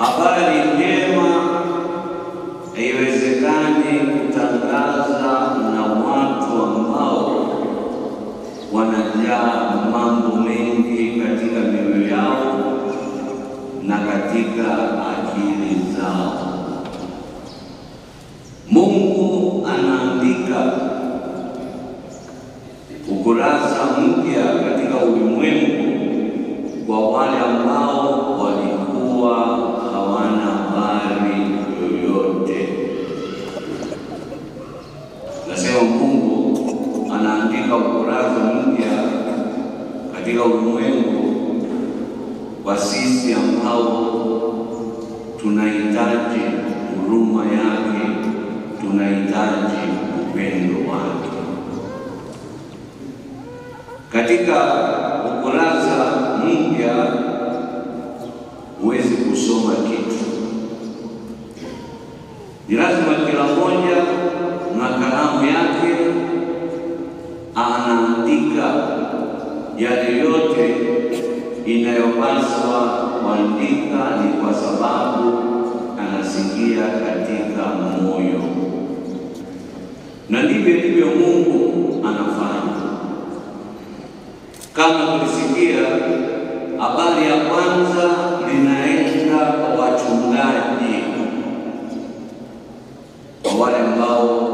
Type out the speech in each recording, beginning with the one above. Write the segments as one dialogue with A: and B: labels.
A: Habari katika ulimwengu wa sisi ambao tunahitaji huruma yake, tunahitaji upendo wake. Katika ukurasa mpya huwezi kusoma kitu, ni lazima kila mmoja na kalamu yake anaandika yale yote inayopaswa kuandika ni kwa sababu anasikia katika moyo, na ndivyo ndivyo Mungu anafanya. Kama tulisikia habari ya kwanza linaenda kwa wachungaji, kwa wale ambao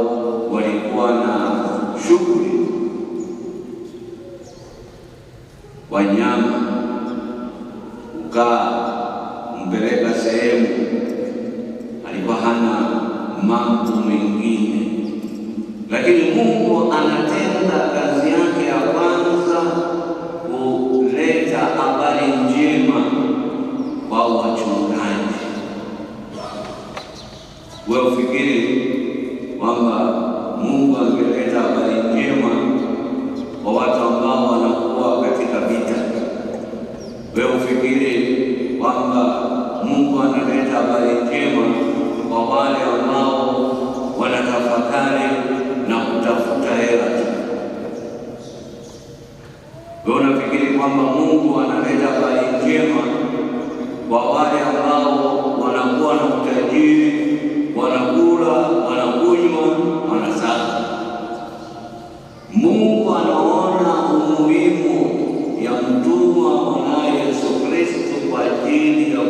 A: walikuwa na shughuli wanyama, ukaa mpeleka sehemu, alikuwa hana mambo mengine, lakini Mungu anatenda kazi yake ya kwanza kuleta habari njema kwa wachungaji. Wewe ufikiri wale ambao wanakuwa na utajiri, wanakula, wanakunywa, wanasaka. Mungu anaona umuhimu ya mtumwa mwanaye Yesu Kristo kwa ajili ya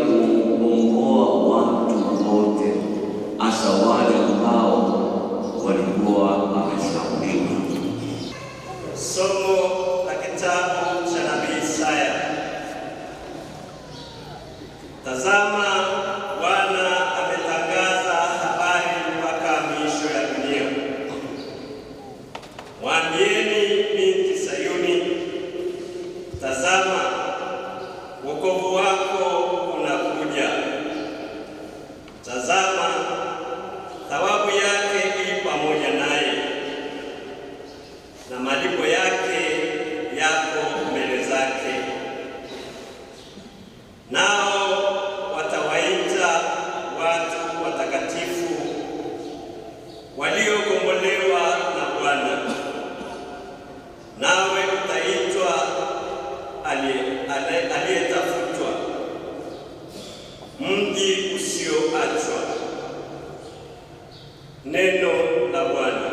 B: wokovu wako unakuja. Tazama, thawabu yake ii pamoja naye na malipo mji usioachwa. Neno la Bwana.